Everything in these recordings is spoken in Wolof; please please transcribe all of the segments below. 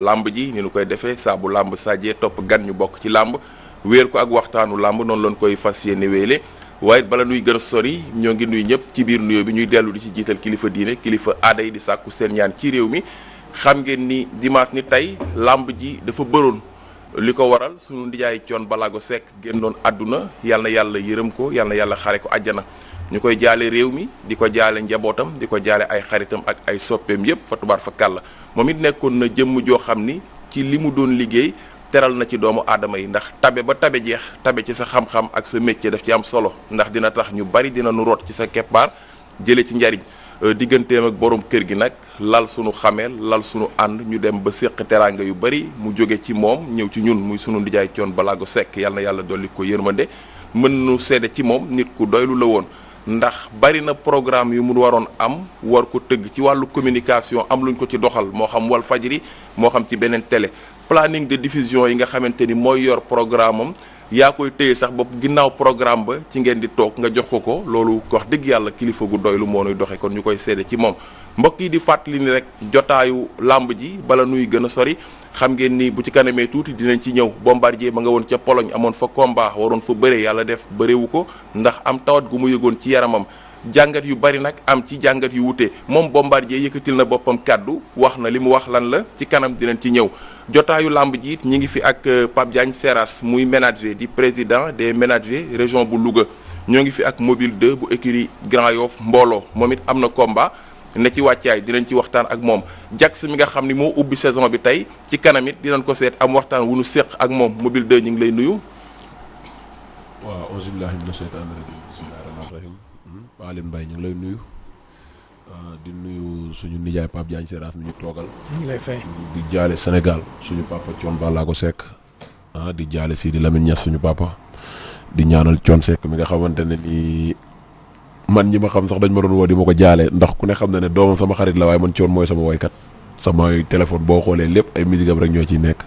làmb ji ni nu koy defee saabu làmb sajee topp gan ñu bokk ci làmb wéer ko ak waxtaanu làmb noonu lañ koy fas yéene wéele waaye bala nuy gën a sori ñoo ngi nuy ñëpp ci biir nuyoo bi ñuy dellu di ci jiital kilifa diine kilifa aada yi di sàkku seen ñaan ci réew mi xam ngeen ni dimanche ni tey làmb ji dafa bëroon li ko waral sunu ndijaay coon balaago sekk gennoon àdduna yal yàlla yërëm ko yal yàlla xare ko àjjana ñu koy jaale réew mi di ko jaale njabootam di ko jaale ay xaritam ak ay soppeem yëpp fa fa kàlla moom it nekkoon na jëmm joo xam ni ci li mu doon liggéey teral na ci doomu aadama yi ndax tabe ba tabe jeex tabe ci sa xam-xam ak sa métier daf ci am solo ndax dina tax ñu bari dina nu root ci sa keppaar jële ci njariñ euh, digganteem ak borom kër gi nag lal sunu xameel lal sunu ànd ñu dem ba séq teraanga yu bari mu jóge ci moom ñëw ci ñun muy sunu ndijaay coon ko sekk yàlla na yàlla dolli ko yërmande mën nu seede ci moom nit ku doylu la woon ndax bari na programme yu mu waroon am war ko tëgg ci wàllu communication am luñ ko ci doxal moo xam wal fajri moo xam ci beneen tele planning de diffusion yi nga xamante ni mooy yor programme am yaa koy téye sax bopp ginnaaw programme ba ci ngeen di toog nga jox ko ko loolu wax dëgg yàlla kilifa gu doy lu moo nuy doxee kon ñu koy seede ci moom mbokk yi di fàttali ni rek jotaayu làmb ji bala nuy gën a sori xam ngeen ni bu ci kanamee tuuti dinañ ci ñëw bombardier ba nga woon ca Pologne amoon fa combat waroon fa bëre yàlla def bërewu ko ndax am tawat gu mu yëgoon ci yaramam jàngat yu bari nag am ci jàngat yu wute moom bombardier yëkkatil na boppam kàddu wax na li mu wax lan la ci kanam dinañ ci ñëw jotaayu làmb jiit ñi ngi fi ak euh, pab Diagne Seras muy ménager di président des ménagers région bu Louga ñoo ngi fi ak mobile 2 bu écurie Grand Yoff mbooloo moom it am na combat ne ci wàccaay dinañ ci waxtaan ak moom Jax mi nga xam ni moo ubbi saison bi tey ci kanamit it dinañ ko seet am waxtaan wu nu séq ak moom mobile 2 ñu ngi lay nuyu. waaw auzu hmm? ñu ngi lay nuyu ah, di nuyu suñu nijaay Pape Diagne Seras mi ñu toogal. ñu di jaale Sénégal suñu papa Thion Ballago Seck ah di jaale Sidi Lamine Niass suñu papa di ñaanal Thion Seck mi nga xamante ne nii. man ñi ma xam sax dañ ma doon woo di ma ko jaale ndax ku ne xam na ne doomam sama xarit la waaye man coon mooy sama woykat samay téléphone boo xoolee lépp ay musique am rek ñoo ciy nekk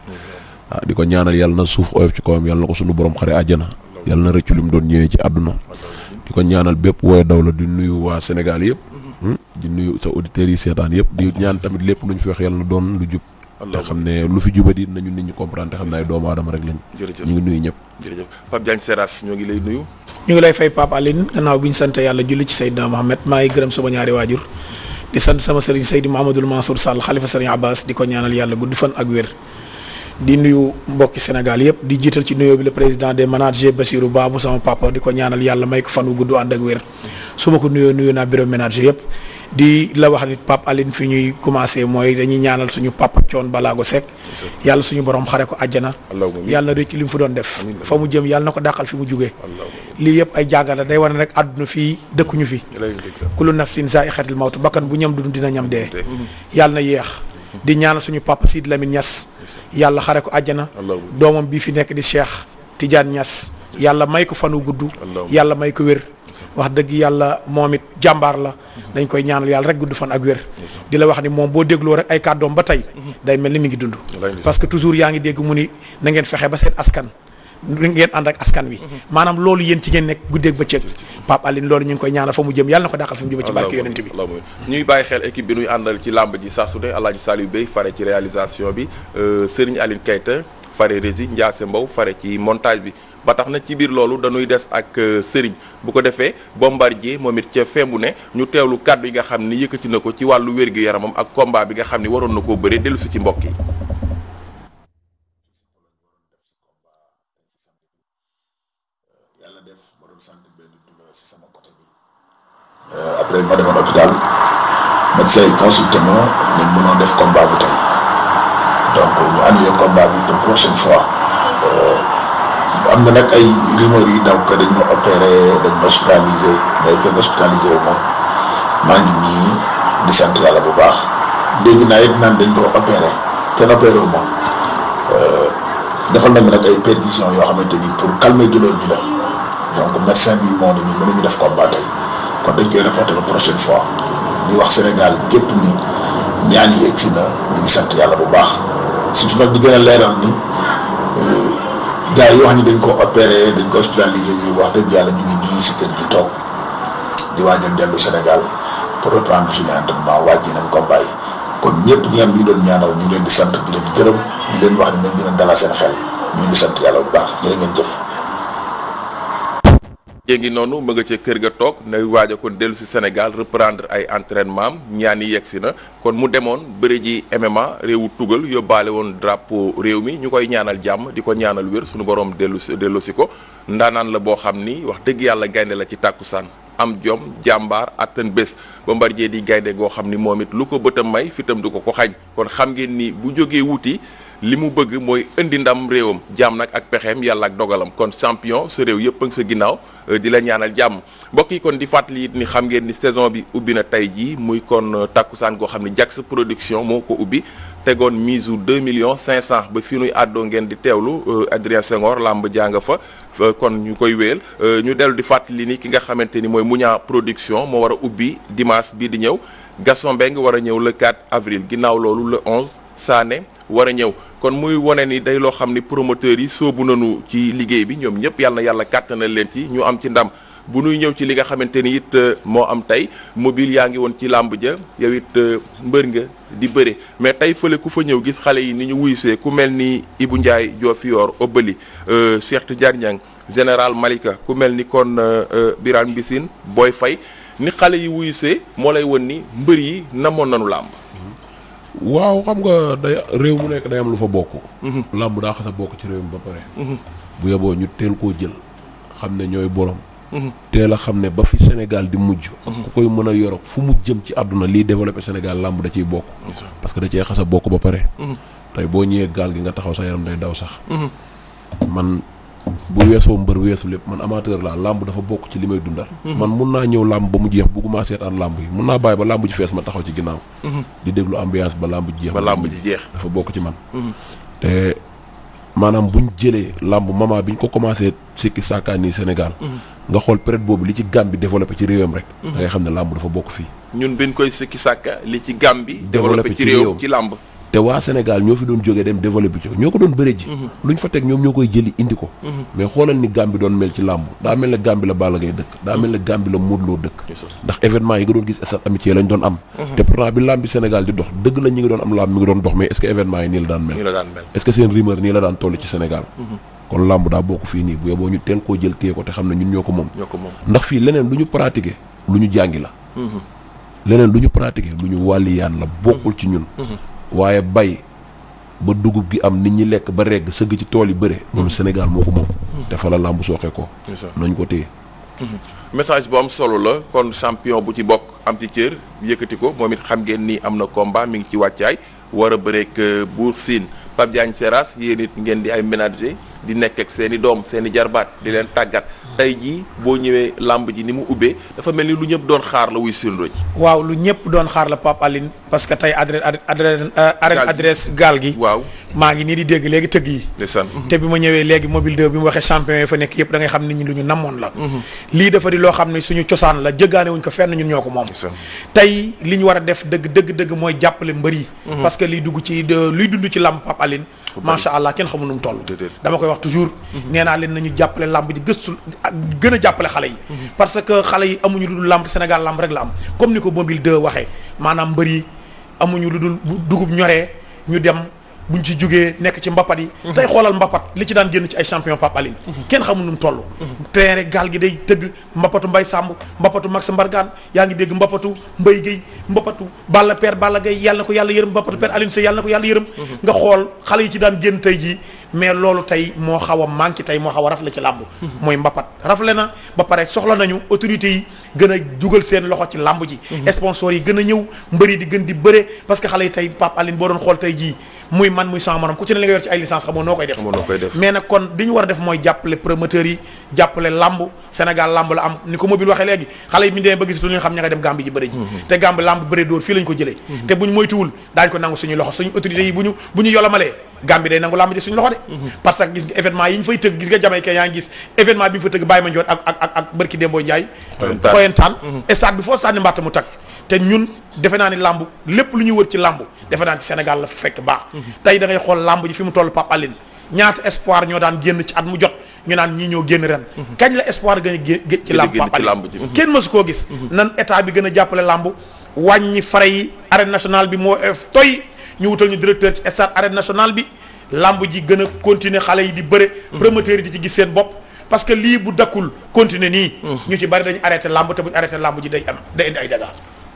ah, di ko ñaanal yàlla na suuf oyof ci kawam yàlla na ko suñu borom xare àjjana yàlla na rëccu li mu doon ñëwee ci àdduna di ko ñaanal bépp wooye daw la di nuyu waa Sénégal yëpp mm-hmm. hmm? di nuyu sa auditeurs yi seetaan yëpp di ñaan tamit lépp lu ñu fi wax yàlla na doon lu jub te xam ne lu fi jubadi nañu nit ñu comprendre te xam ne ay doomu aadama rek lañ ñu ngi nuyu ñëpp jërëjëf ñoo ngi lay nuyu ñu ngi lay fay Pape Aline naaw bi ñu sant yàlla julli ci Seydina Mohamed maa ngi gërëm sama ñaari waajur di sant sama sëriñ Seydi Mouhamadul Mansour Sall xalifa sëriñ Abbas di ko ñaanal yàlla gudd fan ak wér di nuyu mbokki Sénégal yëpp di jiital ci nuyoo bi la président des managers Bassirou Ba bu sama papa di ko ñaanal yàlla may ko fan wu gudd ànd ak wér su ma ko nuyoo nuyu naa bureau manager yëpp di la wax nit Pape alin fi ñuy commencé mooy dañuy ñaanal suñu papa coon balaago Seck yàlla suñu borom xare ko àjjana yàlla na récc li mu fi doon def fa mu jëm yàlla na ko dàqal fi mu jugee lii yëpp ay jàngal day war wane rek àdduna fii dëkkuñu fi kullu nafsin zaa'iqatul mawt bakkan bu ñam dund dina ñam dee yàlla na yéex di ñaanal suñu papa Sidi Lamine Niass yàlla xare ko àjjana doomam bii fi nekk di Cheikh Tidiane ñas yàlla may ko fanu gudd yàlla may ko wér wax dëgg yàlla moom it jàmbaar la dañ mm-hmm. koy ñaanal yàlla rek gudd fan ak wér di la wax ni moom boo dégloo rek ay kàddoom ba tey mm-hmm. day mel ni mi ngi dund parce que toujours yaa ngi dégg mu ni nangeen ngeen fexe ba seen askan ngeen ànd ak askan wi maanaam loolu yéen ci ngeen nekk guddeeg bëccëg Pape Aline loolu ñu ngi koy ñaanal fa mu jëm yàlla na ko dàqal fa mu jëm ci barke yonent bi ñuy bàyyi xel équipe bi ñuy àndal ci làmb ji saa su ne Alaaji Saliou Bey fare ci réalisation bi euh, Serigne Aline Kayta fare régie Ndiasse Mbow fare ci montage bi ba tax na ci biir loolu dañuy des ak euh, Serigne bu ko defee Bombardier moom it ca feebu ne ñu teewlu kàddu yi nga xam ni yëkkati na ko ci wàllu wér-gu-yaramam ak combat bi nga xam ni waroon na koo bëre dellu si ci mbokk yi Euh, après ma demoon hôpital médecin yi consulté ma ne mënoon def combat bu tey donc ñu annulé combat bi pour prochaine fois euh, am na nag ay rumeur yi daw que dañ ma opéré dañ ma hospitalisé day fekk hospitalisé wu ma maa ngi nii di sant yàlla bu baax dégg naa it naan dañ ko opéré kenn opéré wu ma euh, defal nañ nag ay perfusion yoo xamante ni pour calmer douleur bi la donc médecin bi moo ne ñu mënuñu def combat tey. kon dañ koy reporté ba prochaine fois di wax Sénégal gépp ni ñaan yi egsi na ñu ngi sant yàlla bu baax su nag di gën a leeral ni euh, gars yi wax ni dañ ko opéré dañ ko hospitalisé yi wax dëgg yàlla ñu ngi nii si kër gi toog di waa waajal dellu Sénégal pour reprendre suñu entraînement waaj yi nañ combat yi kon ñëpp ñi am ñu doon ñaanal ñu leen di sant di leen gërëm di leen wax ne nañ gën a seen xel ñu ngi sant yàlla bu baax ñu jërë ngeen jëf kii ngi noonu ma nga cee kër ga toog na waaja a kon dellu si Sénégal reprendre ay entraînement am ñaan yi yegg si na kon mu demoon bëri ji MMA réewu tugal yóbbaale woon drapo réew mi ñu koy ñaanal jàmm di ko ñaanal wér suñu borom dellu si dellu si ko ndaanaan la boo xam ni wax dëgg yàlla gaynde la ci tàkku tàkkusaan am jom jàmbaar attan bés ba Bombardier di gaynde goo xam ni moom it lu ko bëta may fitam du ko ko xañ kon xam ngeen ni bu jógee wuti li mu bëgg mooy indi ndam réewam jàmm nag ak pexeem yàlla ak dogalam kon champion sa réew yëpp a ngi sa ginnaaw euh, di la ñaanal jàmm mbokk yi kon di fàttali it ni xam ngeen ni saison bi ubbi na tey jii muy kon euh, takkusaan goo xam ne sa production moo ko ubbi tegoon mise u 2 cinq 500 ba fii nuy àddoo ngeen di teewlu euh, Adrien Senghor làmb jàng fa kon ñu koy wéyal ñu dellu di fàttali ni ki nga xamante ni mooy Muñaa production moo war a ubbi dimanche bii di ñëw Gaston Mbengue war a ñëw le 4 avril ginnaaw loolu le Sané war a ñëw kon muy wane ni day loo xam ni promoteurs yi soobu nanu ci liggéey bi ñoom ñëpp yàlla na yàlla kàttanal leen ci ñu am ci ndam bu nuy ñëw ci li nga xamante ni it euh, moo am tey mobile yaa ngi woon ci làmb ja yow it euh, mbër nga di bëre mais tey fële ku fa ñëw gis xale yi ni ñu wuyusee ku mel ni Ibou Ndiaye Diofior Obali euh, Cheikh Tidiane Niang général Malika ku mel ni kon Birane Mbissine booy Faye ni xale yi wuyusee moo lay woon ni mbër yi namoon nanu làmb waaw xam nga day réew mu nekk day am lu fa bokk. Mhm. làmb daa xas a bokk ci réew mi ba pare. Mhm. bu yeboo ñu teel koo jël xam ne ñooy borom. Mhm. teel a xam ne ba fi Sénégal di mujj. ku koy mën a yorok fu mu jëm ci àdduna liy développé Sénégal làmb da ciy bokk. parce que da cee xas a bokk ba pare. tey boo ñëwee gaal gi nga taxaw sa yaram day daw sax. man bu weesoo mbër weesu lépp man amateur laa làmb dafa bokk ci li may dundal. Mhm. man mun naa ñëw làmb ba mu jeex bugguma seetaan làmb yi mun naa bàyyi ba làmb ji fees ma taxaw ci ginnaaw. Mhm. di déglu ambiance ba làmb ji jeex. ba làmb ji jeex dafa bokk ci man. Mhm. te maanaam buñ jëlee làmb mama biñ ko commencé sikki saakaan nii Sénégal. nga xool période boobu li ci Gambie développé ci réewam rek. da ngay xam ne làmb dafa bokk fii. ñun biñ koy sikki sàkka li ci Gambie. développé ci réewam ci làmb. te waa Sénégal ñoo fi doon jógee dem développé ci ñoo ko doon bëre ji mhm. lu ñu fa teg ñoom ñoo koy jëli indi ko mhm. mais xoolal ni Gambie doon mel ci làmb daa mel ne Gambie la Balla dëkk daa mel ne Gambie la Modou Lo dëkk ndax événement yi nga doon gis stade amitié lañ doon am mhm. te pourtant bi làmbi Sénégal di dox dëgg la ñi ngi doon am làmb mi ngi doon dox mais est-ce que événement yi nii la daan mel est-ce que seen rumeur nii la daan toll ci Sénégal kon làmb daa ko te xam ne ñun ñoo ko moom ndax lu ñu pratiquer lu ñu jàngi la leneen ñu pratiquer lu ñu la bokkul ci ñun waaye bay ba dugub gi am nit ñi lekk ba regg sëgg ci tool yi bëre. loolu mm-hmm. Sénégal moo ko moom. Mm-hmm. te fa la làmb sooxe ko. nañ ko téye. Mm-hmm. message bu am solo la kon champion bu ci bokk am ci cër yëkkati ko moom it xam ngeen nii am na combat mi ngi ci wàccaay war a bëreeg euh, Bour Sine Pape Diagne Seras yéen it ngeen di ay ménager di nekk ak seen i doom seen i jarbaat di leen tàggat. tey jii boo ñëwee làmb ji ni mu doon xaar la wuy sirndoo ci waaw lu euh, ngi nii di dégg léegi tëgg yi te bi ma ñëwee léegi mobile 2 bi mu waxee champion yi fa nekk yëpp da ngay xam nit ñi la mhm. lii dafa di loo xam li ñu war a def dëgg dëgg dëgg mooy jàppale mbër mhm. parce que liy dugg ci luy dund ci làmb Pape Aline macha allah kenn xamul toll dama koy wax toujours mhm. nee naa leen nañu jàppale làmb ji gëstu gën a jàppale xale yi mhm. parce que xale yi amuñu lu dul làmb Sénégal làmb rek la am comme ni ko mobile 2 waxee maanaam mbër yi amuñu lu dul dugub ñoree ñu dem buñ ci jógee nekk ci mbapat yi mhm. tey xoolal mbapat li ci daan génn ci ay champion Pape Aline mhm. kenn xamul nu mu toll gaal gi day tëgg mbappatu Mbay Sàmb mbappatu Max Mbargaan yaa ngi dégg mbappatu Mbay Géy mbappatu Balla Père Balla Gaye yàlla na ko yàlla yërëm mbappatu Père Aline Sey yàlla na ko yàlla yërëm nga xool xale yi ci daan génn tey jii mais loolu tey moo xaw a manqué tey moo xaw a rafle ci làmb mooy mbapat rafle na ba pare soxla nañu autorités yi gën a jugal seen loxo ci làmb ji mhm. sponsors yi gën a ñëw yi di gën di bëre parce que xale yi tey Pape Aline boo doon xool tey jii muy man muy sama morom ku ci ne li nga yor ci ay licence xamoo noo koy def mais nag kon li ñu war a def mooy jàppale promoteurs yi jàppale lamb Sénégal lamb la am ni ko mobile waxee léegi xale yi bi ñu demee ba gisatu ñu xam ña nga dem Gambie ji bëri ji mm-hmm. te Gambie lamb bëri dóor fii lañ ko jëlee mm-hmm. te buñ moytuwul daañ ko nangu suñu loxo suñu autorités yi bu ñu yolomalee Gambie day nangu lamb ji suñu loxo de mm-hmm. parce que gis nga événement yi ñu fay te ñun defe naa ni làmb lépp lu ñu wër ci làmb defe naa ci Sénégal la fekk baax tey dangay xool làmb ji fi mu toll Pape Aline ñaata espoir ñoo daan génn ci at mu jot ñu naan ñii ñoo génn ren kañ la espoir gën a géej ci làmb Pape Aline kenn su koo gis mm-hmm. nan état bi gën a jàppale làmb wàññi fare yi arène nationale bi moo ef toy ñu wutal ñu directeur ci stade arène nationale bi làmb ji gën a continuer xale yi di bëre mm-hmm. promoteur yi di ci gis seen bopp parce que lii bu dakkul continuer nii mm-hmm. ñu ci bari dañu arrêté làmb te arrêté làmb ji day am day indi ay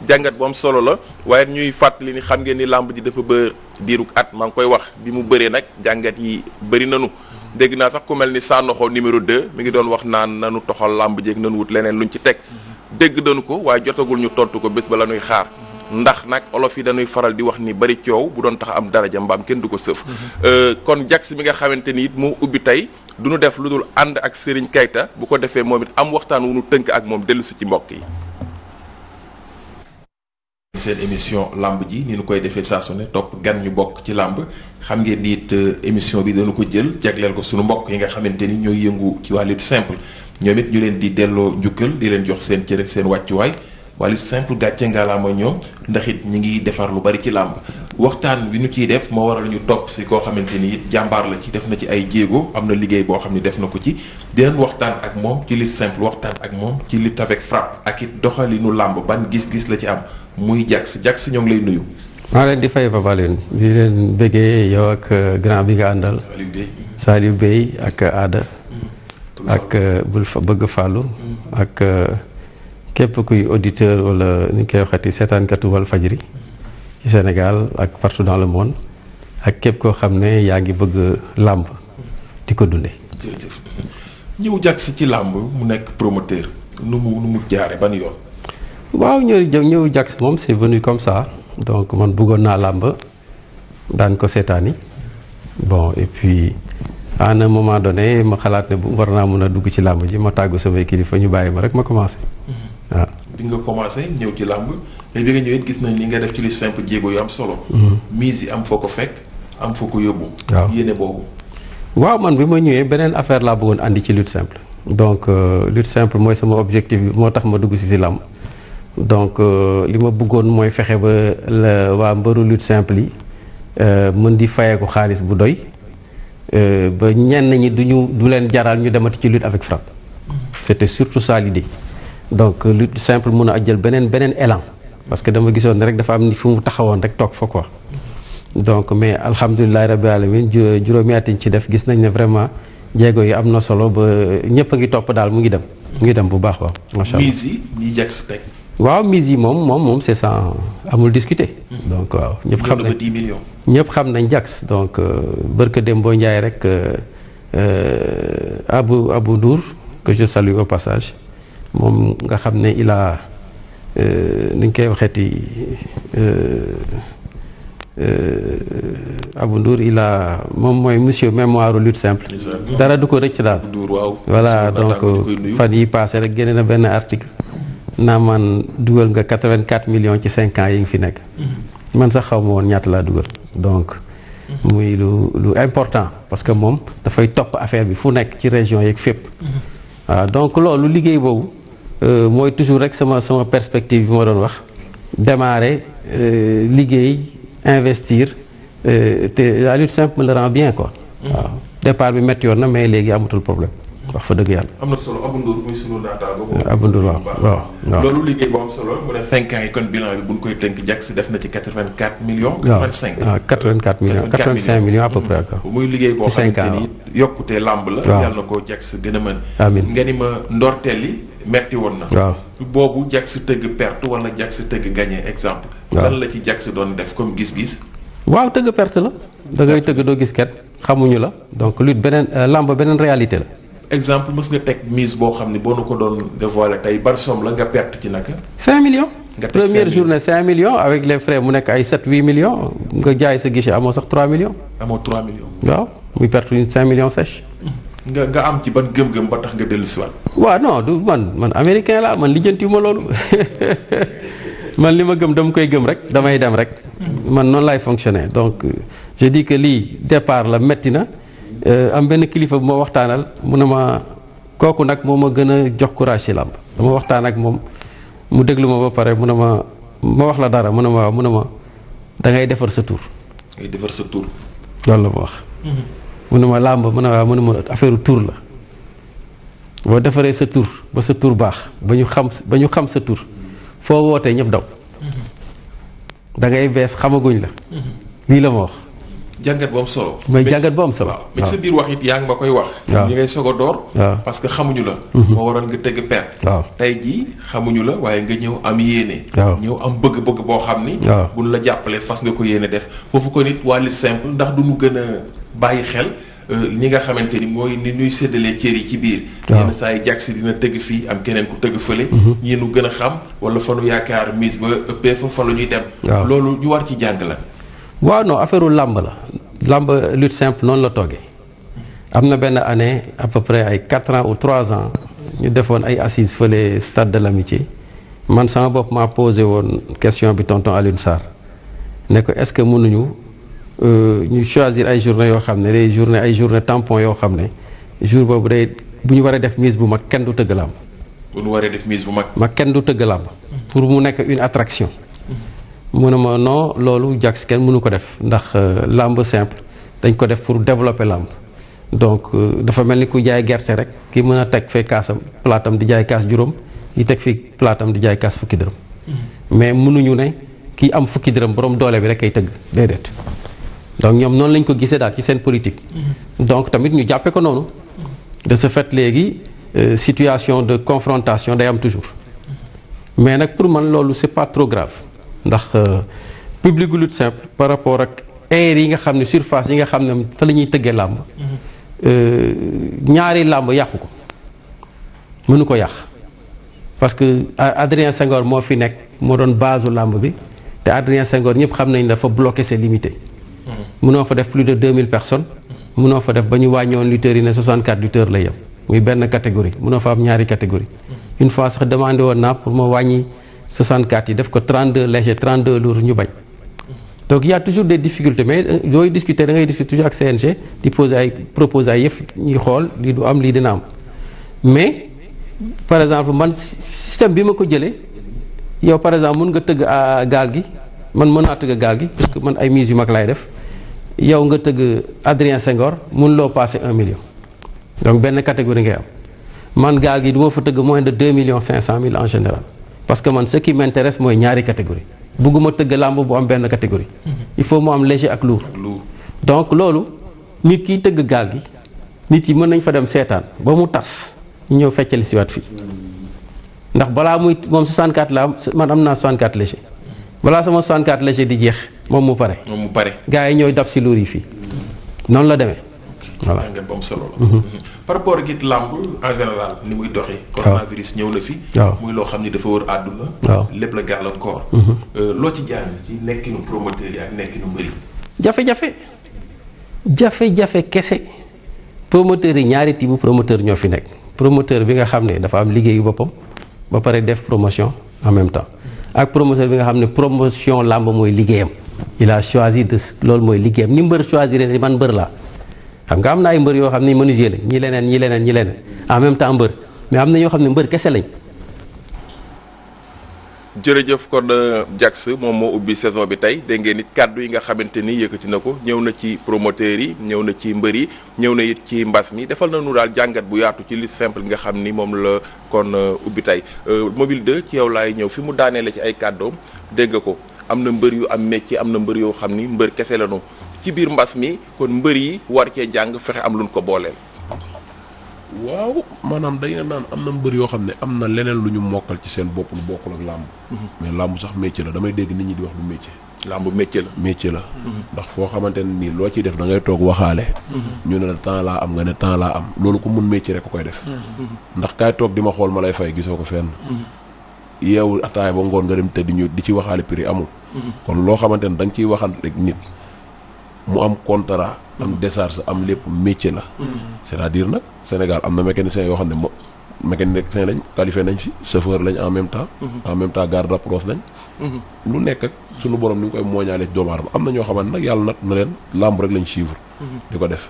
jàngat bu solo la waaye ñuy fàttali ni xam ngeen ni làmb ji dafa bër diirug at maa ngi koy wax bi mu bëree nag jàngat yi bëri nanu dégg naa sax ku mel ni Sanoxo numéro 2 mi ngi doon wax naan nanu toxal làmb jeeg nanu wut leneen luñ ci teg dégg danu ko waaye jotagul ñu tontu ko bés ba la ñuy xaar ndax nag olof yi dañuy faral di wax ni bari coow bu doon tax am daraja mbaam kenn du ko sëf euh, kon jax bi nga xamante ni it moo ubbi tey du ñu def lu dul ànd ak Serigne Kayta bu ko defee moom it am waxtaan wu ñu tënk ak moom dellu si ci mbokk yi seen émission làmb ji ni ñu koy defee saa su ne topp gan ñu bokk ci làmb xam ngeen ni it euh, émission bi dañu ko jël jagleel ko sunu mbokk yi nga xamante ni ñooy yëngu ci wàllu simple ñoom it ñu leen di delloo njukkal di leen jox seen cër ak wàcc wàccuwaay. wala simple gàcce ngaalaama ñoom ndax it ñi ngi defar lu bari ci làmb waxtaan wi ñu ciy def moo waral ñu topp si koo xamante ni it jàmbaar la ci def na ci ay jéego am na liggéey boo xam ne def na ko ci dinañ waxtaan ak moom ci lutte simple waxtaan ak moom ci lutte avec frappe ak it doxalinu làmb ban gis-gis la ci am muy si Jax si ñoom lay nuyu. maa leen di fay Papa Alioune di leen bëggee yow ak euh, grand bi nga àndal. Saliou Bey Saliou Bey ak Aada. Mm. ak euh, bul bëgg fàllu mm. képp kuy auditeur wala ni ñu koy waxati seetaankatu Walfadjri ci Sénégal ak partout dans le monde ak képp koo xam ne yaa ngi bëgg làmb di ko dunde jërëjëf ñëw jàkk ci làmb mu nekk promoteur nu mu nu mu jaare ban yoon waaw ñëw ñëw moom c'est venu comme ça donc man buggoon naa làmb daan ko seetaani bon et puis à un moment donné ma xalaat ne bu war naa mën a dugg ci làmb ji ma tàggu samay kilifa ñu bàyyi ma rek ma commencé mm-hmm. fi nga commencé ñëw ci làmb mais bi nga gis nañ li nga def ci lu simple jéego yu am solo. Mhm. mise yi am foo ko fekk am foo ko yóbbu. waaw yéene boobu. waaw man bi ma ñëwee beneen affaire laa bëggoon andi ci lutte simple. donc euh, lutte simple mooy sama objectif bi moo tax ma dugg si si làmb donc euh, li ma bëggoon mooy fexe ba la waa mbëru lutte simple yi euh, mën di fayeeku xaalis bu doy ba ñenn ñi duñu du leen jaral ñu demati ci lutte avec frappe mhm. c'était surtout donc euh, lu simple mun a jël beneen beneen élan parce que dama gisoon ne rek dafa am ni fu mu taxawoon rek toog fa quoi donc mais alhamdulilahi rabbi alamin juróomi at yi ci def gis nañ ne vraiment jéego yi am na solo ba ñëpp a ngi topp daal mu ngi dem mu ngi dem bu baax waaw macha allah mise yi waaw mise yi moom moom moom c'est ça amul discuter mm-hmm. donc waaw ñëpp xam nañ dix millions ñëpp xam nañ jax donc euh, bërka dem boo njaay rek euh, abu abu ndour que je salue au passage moom nga xam ne ilaa euh, ni ñu koy waxeeti euh, euh, Abou nduur ilaa moom mooy monsieur mémoire lutte simple dara du ko rëcc daal voilà donc fan yi passé rek génne na benn article naa man dugal nga quatre-vingt-quatre million ci cinq yi nga fi nekk mhm. man sax xaw ma woon ñaata laa dugal donc mhm. muy lu important parce que moom dafay topp affaire bi fu nekk ci région yeeg fépp waaw mhm. ah, donc loolu liggéey boobu Euh, mooy toujours rek sama sama perspective bi ma doon wax démarrer euh, liggéey investir euh, te la lutte simple me le rend bien quoi mm-hmm. waaw départ bi met yoon na mais léegi amatul problème wax fa dëgg yàlla. am na solo Abou Ndour muy sunu naataango. Abou Ndour waaw waaw waaw. loolu liggéey bu am solo mu ne 5 ans yi kon bilan bi bu ñu koy tënk Jax def na ci 84 millions. 85 waaw 84 ah, millions 85 millions à peu près. muy liggéey boo xamante ni yokkute làmb la. waaw yàlla na ko Jax gën a mën. amiin nga ni ma ndorteel yi metti woon na. waaw boobu Jax tëgg perte wala Jax tëgg gagné exemple. lan la ci Jax doon def comme gis-gis. waaw tëgg perte la da ngay tëgg doo gis ket xamuñu la donc lutte beneen euh, làmb beneen réalité la. exemple mës nga teg mise boo xam ne boo nu ko doon dévoilé tey ban somme la nga perte ci naka. 5 millions. nga teg première journée millions avec les frais mu nekk ay 7 8 millions nga jaay sa guichet amoo sax 3 millions. waaw muy perte une 5 millions sèche. nga nga am ci ban gëm-gëm ba tax nga dellusiwaat. waaw non du man man américain la man lijjantiwuma loolu man li ma gëm dama koy gëm rek damay dem rek. man noonu laay fonctionner donc euh, je dis que lii départ la métti Euh, am benn kilifa bu ma waxtaanal mu ne ma kooku nag moom ma gën a jox courage ci làmb dama waxtaan ak moom mu déglu ma ba pare mun ne ma ma wax la dara mu ne ma waaw mu a ma da ngay defar sa tur. ngay la wax. Mhm. mu ne ma làmb mu ne waaw mu ne affaire tur la boo defaree sa tur ba sa tur baax ba ñu xam ba ñu xam sa tur foo wootee ñëpp daw. Mhm. da bees xamaguñ la. Mhm. lii la ma wax. jàngat bu am solo. mooy jàngat bu am solo. waaw sa ah. biir wax it yaa ngi ma koy wax. waaw ah. ñi ngay soog a door. Ah. parce que xamuñu la. Mhm. moo waroon nga tëgg per. waaw tey jii xamuñu la waaye nga ñëw am yéene. waaw ñëw am bëgg-bëgg boo xam ni. bu buñ la jàppalee fas nga ko yéene def foofu ko nit waa lutte simple ndax du ñu gën bàyyi xel. li euh, nga xamante ni mooy ni ñuy séddalee cër yi ci biir. yenn saa yi jagsi dina tëgg fii am keneen ku tëgg fële. Mhm. ñii nu gën a xam wala fa nu yaakaar mise ba ëppee fa la ñuy dem. loolu ñu war ci jàng la waaw non affaire làmb la làmb lutte simple noonu la toogee am na benn année à peu près ay quatre ans ou trois ans ñu defoon ay assises fële stade de l'amitié man sama bopp maa posé woon question bi tonton Alioune Sarr ne ko est-ce que mënuñu euh, ñu choisir ay journée yoo xam ne day journée ay journée tampon yoo xam ne jour boobu day bu ñu waree def mise bu mag kenn du tëgg làmb bu ñu waree def mise bu mag. mag kenn du tëgg làmb pour mu nekk une attraction. mu ne ma non loolu jax kenn mënu ko def ndax euh, làmb simple dañ ko def pour développer làmb donc euh, dafa mel ni kuy jaay gerte rek ki mën a teg fee kaasam plaatam di jaay kaas juróom ki teg fii plaatam di jaay kaas fukki dërëm mm-hmm. mais munuñu ne ki am fukki dërëm borom doole bi rek ay tëgg déedéet donc ñoom noonu lañ ko gisee daal ci seen politique mm-hmm. donc tamit ñu jàppe ko noonu mm-hmm. de ce fait léegi euh, situation de confrontation day am toujours mais nag pour man loolu c'est pas trop ndax euh, public lutte simple par rapport ak aire yi nga xam ne surface yi nga xam ne fa la ñuy tëggee làmb mhm. euh, ñaari làmb yàqu ko mënu ko yàq parce que Adrien Senghor moo fi nekk moo doon base làmb bi te Adrien Senghor ñëpp xam nañ dafa bloqué c'est limité mënoo mhm. fa def plus de 2000 personnes mënoo mhm. fa def ba ñu wàññoon lutteurs yi ne 64 lutteurs la yem muy benn catégorie mënoo fa am ñaari catégorie une sax demandé woon naa pour ma wàññi 64 yi def ko 32 léger 32 lourd ñu bañ donc il toujours des difficulté mais yooyu euh, discuter da ngay discuter toujours ak CNG di poser ay proposer ay yëf ñuy xool lii du am lii dina am mais par exemple man système bi ma ko jëlee yow par exemple mun nga tëgg euh, gaal gi man mën naa tëgg gaal gi parce que man ay mise yu mag laay def yow nga tëgg Adrien Senghor mun loo passé un million donc benn catégorie ngay am man gaal gi du ma fa tëgg cinq cent mille en général parce que man ce qui m'intéresse mooy ñaari catégorie bëgguma tëgg làmb bu am benn catégorie mhm. il faut mu am léger ak lourd donc loolu nit kiy tëgg gaal gi nit yi mën nañ fa dem seetaan ba mu tas ñu ñëw feccali siwaat fii ndax balaa muy moom 64 la am man am naa 64 léger balaa sama 64 léger di jeex moom mu pare moom mu pare gars yi ñooy dab si lourd yi fii noonu la demee voilà jàngat bu solo la. Mhm. par rapport ak it làmb en ni muy doxee. coronavirus ñëw na fi. waaw muy loo xam ni dafa wër àdduna. waaw lépp la gàllankoor. Mhm. Euh, loo ci jàng ci nekkinu promoteur yi ak nekkinu mbër jafe-jafe jafe-jafe kese promoteurs yi ñaari tibu promoteur ñoo fi nekk promoteur bi nga xam ne dafa am liggéeyu boppam ba pare def promotion en même temps ak promoteur bi nga xam ne promotion làmb mooy liggéeyam il a de loolu mooy liggéeyam ni mbër choisir man laa. xam nga am na ay mbër yoo xam ni menuisier lañ ñi leneen ñi leneen ñi leneen en même temps mbër mais am na ñoo xam ne mbër kese lañ. jërëjëf kon euh, jax moom moo ubbi saison bi tey dégg ngeen it kàddu yi nga xamante ni yëkkati na ko ñëw na ci promoteur yi ñëw na ci mbër yi ñëw na it ci mbas mi defal na nu daal jàngat bu yaatu ci li simple nga xam ni moom la kon euh, ubbi tey euh, mobile de ci yow laay ñëw fi mu daanee la ci ay kàddoom dégg ko am na mbër yu am métier am na mbër yoo xam ni mbër kese lañu ci biir mbas mi kon mbër yi war cee jàng fexe am luñ ko booleel. waaw maanaam dañ naan am na mbër yoo xam ne am na leneen lu ñu mokkal ci seen bopp lu bokkul ak làmb. Mhm. mais làmb sax métier la damay dégg nit ñi di wax lu métier. làmb métier la. métier la. Mhm. ndax foo xamante ne nii loo ciy def da ngay toog waxaale. Mhm. ñu ne la temps laa am nga ne temps laa am loolu ko mun métier rek koy def. ndax kaay toog di ma xool ma lay fay gisoo ko fenn. yeewu ataay ba ngoon nga dem tëdd ñu di ci waxaale prix amul. kon loo xamante ne da ciy waxal rek nit. mu am contrat am décharge am lépp métier la. Mm. c'est-à-dire nag Sénégal am na mécanicien yoo xam ne mo mécanicien lañ qualifié nañ si chauffeur lañu am même temps. Mm-hmm. en même temps garde rapproche lañ. Mm-hmm. lu nekk ak sunu borom ni mu koy mooñaale doomu aadama am na ñoo xamante nag yàlla nat na leen làmb rek lañ suivre. Mm-hmm. di ko def.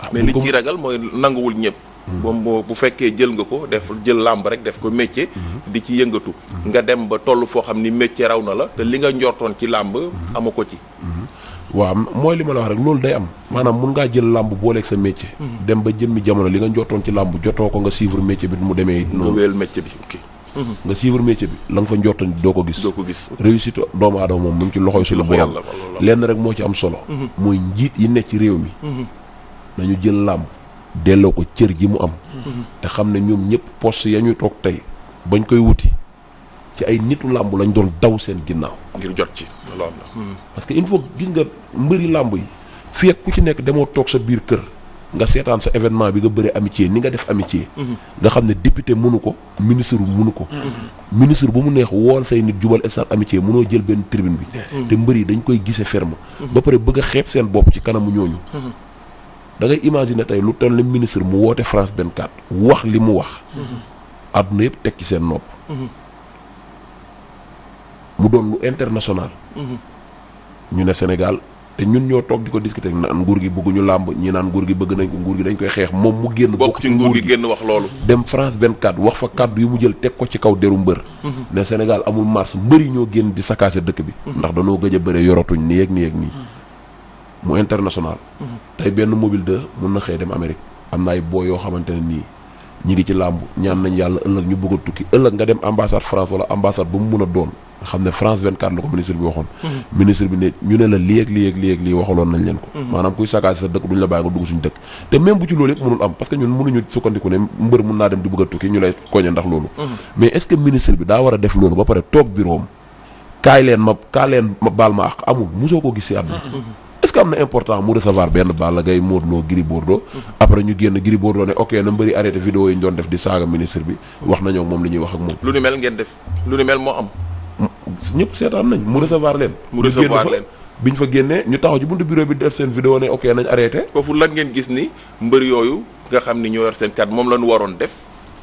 Ah, mais li ci ragal mooy nanguwul ñëpp. moom boo bu fekkee jël nga ko def jël làmb rek def ko métier. di ci yëngatu. nga dem ba toll foo xam ni métier raw na la. te li nga njortoon ci làmb ama ko ci. waaw mooy li la wax rek loolu day am maanaam mun ngaa jël làmb booleeg sa métier. Hmm. dem ba jëmmi jamono li nga njortoon ci làmb jotoo ko nga suivre métier bi mu demee it noonu. Hmm. la fa njortoon doo ko gis. doo ko gis réussite doomu aadama moom mu ngi ci loxoy suñu borom lenn rek moo ci am solo. Hmm. mooy njiit yi nekk ci réew mi. nañu jël làmb delloo ko cër ji mu am. te xam ne ñoom ñëpp poste ya ñu toog tey bañ koy wuti. ci ay nitu làmb lañ doon daw seen ginnaaw. ngir jot ci loolu am parce que il faut gis nga mbëri làmb yi fii ak ku ci nekk demoo toog sa biir kër nga seetaan sa événement bi nga bëri amitié ni nga def amitié. Mhm. nga xam ne député mënu ko ministre mënu ko. Mhm. ministre bu mu neex wool say nit jubal stade amitié mënoo jël benn tribune bi. te mbër yi dañ koy gise ferme. Mhm. ba pare bëgg a seen bopp ci kanamu ñooñu. da ngay imaginer tey lu toll ni ministre mu woote France 24 wax li mu wax. yëpp teg seen nopp. mu doon lu international. Mhm. ñu ne Sénégal te ñun ñoo toog di ko discuter naan nguur gi bëgguñu làmb ñi naan nguur gi bëgg nañ ko nguur gi dañ koy xeex moom mu génn. bokk ci nguur gi génn wax loolu. dem France 24 wax fa kàddu yu mu jël teg ko ci kaw deru mbër. Mhm. ne Sénégal amul mars mbër yi ñoo génn di sakaase dëkk bi. Mhm. ndax danoo gëj a bëre yoratuñ nii ak nii ak nii. mu international. tey benn mobile 2 mun na xëy dem Amérique. am na ay boo yoo xamante ne nii ñi ngi ci làmb ñaan nañ yàlla ëllëg ñu bëgg tukki ëllëg nga dem ambassade France wala ambassade bu mu mun a doon xam ne France 24 la ko ministre bi waxoon mhm. ministre bi ne ñu ne la lii ak lii ak lii ak nañ leen ko mhm. maanaam kuy sakaasi sa dëkk duñ la bàyyi nga dugg suñu dëkk te même bu ci loolu yëpp mënul am parce que mënuñu sukkandiku ne mbër mun naa dem di bëgg tukki ñu lay koñe ndax loolu mhm. mais est ministre bi daa war a def loolu ba pare toog biroom kaay leen ma kaay leen ma baal ma ak amul mosoo ko gis si àdduna est am na important mu ñëpp seetaan nañ mu recevoir leen. mu recevoir leen bi ñu fa génnee ñu taxaw ci buntu bureau bi def seen vidéo ne ok nañ arrêté. foofu lan ngeen gis ni mbër yooyu nga xam ni ñoo yor seen kàddu moom la ñu waroon def.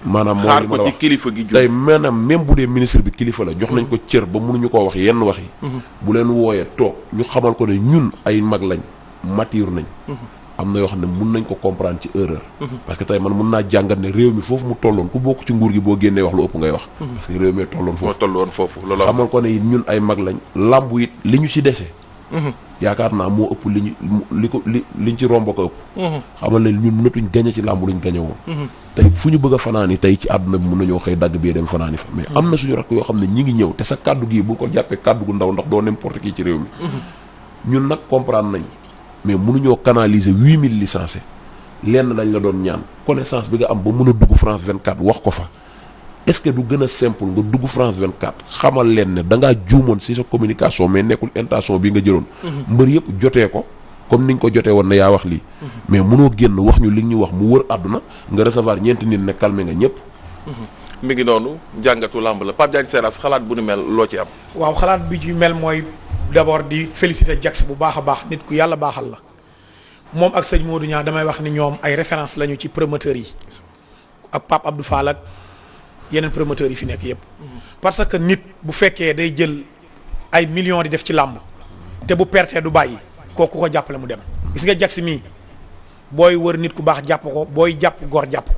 maanaam moo xaar ko ci kilifa gi. tey maanaam même bu dee ministre bi kilifa la jox nañ ko cër ba mënuñu koo wax yenn wax yi. Mhm. bu leen wooyee toog ñu xamal ko ne ñun ay mag lañ mature nañ. Mhm. am na yoo xam ne mun nañ ko comprendre ci erreur. Mhm. parce que tey man mun naa jàngat ne réew mi foofu mu tolloon ku bokk ci nguur gi boo génnee wax lu ëpp ngay wax. Mhm. parce que réew mi tolloon foofu. xamal ne ñun ay mag lañ. làmb it li ñu si dese. Mhm. yaakaar naa moo ëpp li ñu li ko li liñ ci romb ko ëpp. xamal ne ñun mënatuñ gañe ci làmb luñ gañe woon. tey fu ñu bëgg a fanaani tey ci àdduna bi mun nañoo xëy dagg bee dem fanaani fa mais am na suñu rakk yoo ne ñi ngi ñëw te sa kàddu gii bu ko jàppee kàddu gu ndaw ndax doo n'importe kii nañ mais mënuñoo canaliser huit mille licenciés lenn dañ la doon ñaan connaissance bi nga am ba mën a dugg France 24 wax ko fa est-ce que du gën a simple nga dugg France 24 xamal leen ne da ngaa ci sa communication mais nekkul intention bi nga jëloon. Mhm. mbër yëpp jotee ko comme ni niñ ko jotee woon na yaa wax lii. Mhm. mais mënoo génn wax ñu li ñu wax mu wër àdduna nga recevoir ñeenti nit ne calmer nga ñëpp. Mhm. mi ngi noonu jàngatu làmb la Pape Diagne xalaat bu ni mel loo ci am. waaw xalaat bi ci mel mooy. d'abord di féliciter Jax bu baax a baax nit ku yàlla baaxal la moom ak sëñ Modou Niang damay wax ni ñoom ay référence lañu ci promoteurs yi ak Pape Abdou Fall ak yeneen promoteurs yi fi nekk yëpp. parce que nit bu fekkee day jël ay millions di def ci làmb te bu perte du bàyyi kooku ko jàppale mu dem gis nga Jax mii booy wër nit ku baax jàpp ko booy jàpp gor jàpp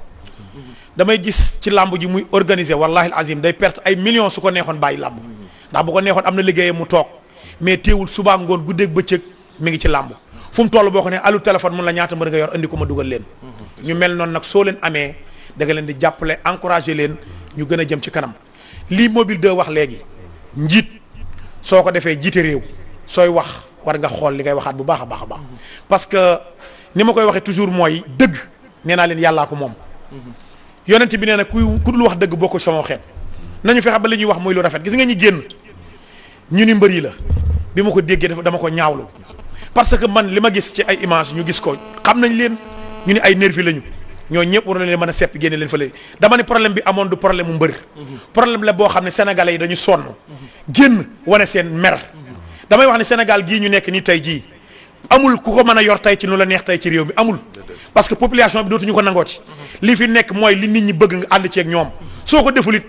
damay gis ci làmb ji muy organiser wallahi azim day perte ay millions su ko neexoon bàyyi làmb ndax bu ko neexoon am na liggéeyam mu toog. mais téewul subaa ngoon guddeeg bëccëg mi ngi ci làmb fu mu toll boo ko ne alu téléphone mun la ñaata mbër nga yor andi ko ma dugal leen ñu mel noon nag soo leen amee da nga leen di jàppale encouragé leen ñu gën a jëm ci kanam lii mobile 2 wax léegi njiit soo ko defee jiite réew sooy wax war nga xool li ngay waxaat bu baax a baax a baax parce que ni ma koy waxee toujours mooy dëgg nee naa leen yàllaa ko moom yonent bi nee na ku ku dul wax dëgg bokk sama xeet nañu fexe ba li ñuy wax muy lu rafet gis nga ñu génn ñu ni mbër yi la bi ma ko déggee dafa dama ko ñaawlu parce que man li ma gis ci ay image ñu gis ko xam nañ leen ñu ne ay nervi lañu ñoo ñëpp war na leen man a sepp génne leen fële dama ne problème bi amoon du problème mu mbër problème la boo xam ne sénégalais yi dañu sonn génn wane seen mer damay wax ne sénégal gii ñu nekk nii tey jii amul ku ko mën a yor tey ci nu la neex tey ci réew mi amul parce que population bi dootuñu ko nangooti li fi nekk mooy li nit ñi bëgg nga ànd ci ñoom soo ko defulit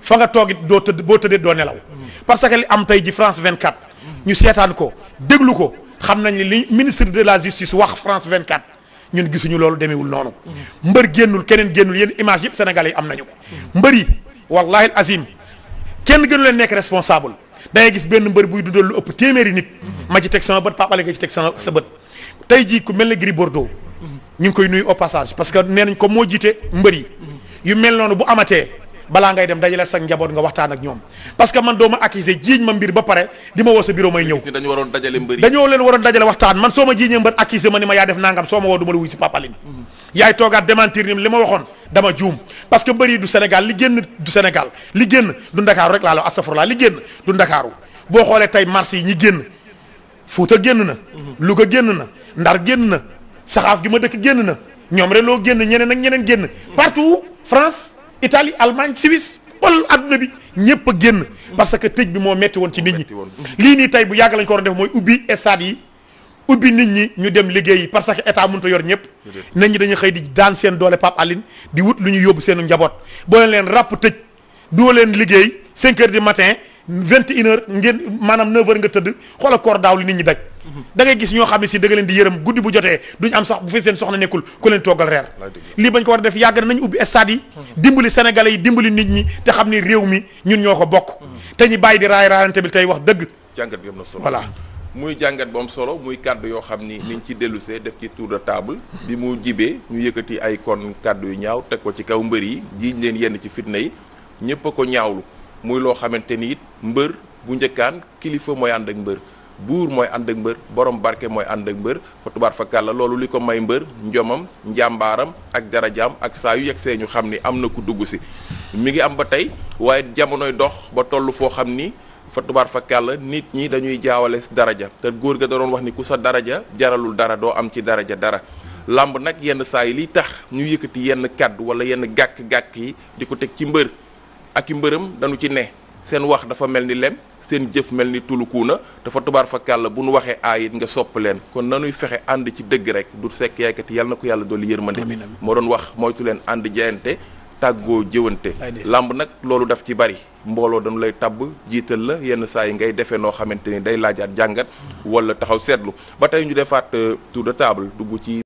fa nga toogit doo tëdd boo tëddee doo nelaw que li am tey ji France ñu seetaan ko déglu ko xam nañ ne li ministre de la justice wax France vingt 24 ñun gisuñu loolu demeewul noonu. mbër génnul keneen génnul yéen image yëpp sénégal yi am nañu ko. mbër yi wallaahi azim kenn gënu leen nekk responsable da ngay gis benn mbër buy dundal lu ëpp téeméeri nit. ma ci teg sama bët Pape Alé nga teg sama sa bët. tey jii ku mel ne Gris Bordeaux. ñu ngi koy nuyu au passage parce que nee nañ ko moo jiite mbër yi. yu mel noonu bu amatee. balaa ngay dem dajale sa njaboot nga waxtaan ak ñoom parce que man doo ma jiiñ ma mbir ba pare di ma woo sa bureau may ñëw dañu waroon dajale dañoo leen waroon dajale waxtaan man soo ma jiiñee mbër accusé ma ni ma yaa def nangam soo ma woo du ma wuy si papalin mhm. yaay toogaat démentir ni li ma waxoon dama juum parce que mbër yi du Sénégal li génn du Sénégal li génn du Ndakaaru rek laa la astafurlaa li génn du Ndakaaru boo xoolee tey marché yi ñi génn Fuuta génn na mhm. Louga génn na Ndar génn na saxaaf gi ma dëkk génn na ñoom rek loo génn ñeneen ak ñeneen génn mhm. partout France Italie Allemagne Suisse wala adduna bi ñëpp a génn parce que tëj bi moo metti woon ci nit ñi lii nii tey bu yàgg lañ ko war def mooy ubbi stade yi ubbi nit ñi ñu dem liggéey yi parce que état mënut a yor ñëpp nañ ñi dañu xëy di daan seen doole Pape Aline di wut lu ñu yóbbu seenu njaboot boo leen leen ràpp tëj doo leen liggéey 5 heures du matin 21 heures ngeen maanaam 9 heures nga tëdd xoola koor daaw li nit ñi daj da ngay gis ñoo xam ne si dëgg leen di yërëm guddi bu jotee duñ am sax bu fi seen soxna nekkul ku leen toggal reer lii bañ ko war a def yàgg nañ ubbi stade yi dimbali sénégalais yi dimbali nit ñi te xam ni réew mi ñun ñoo ko bokk te ñu bàyyi di raay raayante bi tey wax dëgg jàngat bi na solo voilà muy jàngat bu solo muy kàddu yoo xam ni niñ ci dellusee def ci tour de table bi mu jibee ñu yëkkati ay kon kàddu yu ñaaw teg ko ci kaw mbër yi jiiñ leen yenn ci fitna yi ñëpp a ko ñaawlu muy loo xamante ni mbër bu njëkkaan kilifa mooy ànd ak mbër buur mooy ànd ak mbër borom barke mooy ànd ak mbër fa tubaar fa kàlla loolu li ko may mbër njomam njàmbaaram ak darajaam ak saa yu yegg see ñu xam ni am na ku dugg si mi ngi am ba tey waaye jamonoy dox ba toll foo xam ni fa tubaar fa kàlla nit ñi dañuy jaawale daraja te góor ga da doon wax ni ku sa daraja jaralul dara doo am ci daraja dara làmb nag yenn saa yi liy tax ñu yëkkati yenn kàddu wala yenn gàkk-gàkk yi di ko teg ci mbër ak i mbëram dañu ci ne seen wax dafa mel ni lem seen jëf mel ni tulukuuna dafa tubaar fa kàlla bu nu waxee aay it nga sopp leen kon nanuy fexe ànd ci dëgg rek du sekk yaaykat yal na ko yàlla dolli yërmande moo doon wax moytu leen ànd jayante tàggoo jëwante làmb nag loolu daf ci bari mbooloo dañu lay tabb jiital la yenn saa yi ngay defee noo xamante ni day laajaat jàngat wala taxaw seetlu ba tey ñu defaat euh, tour de table dugg ci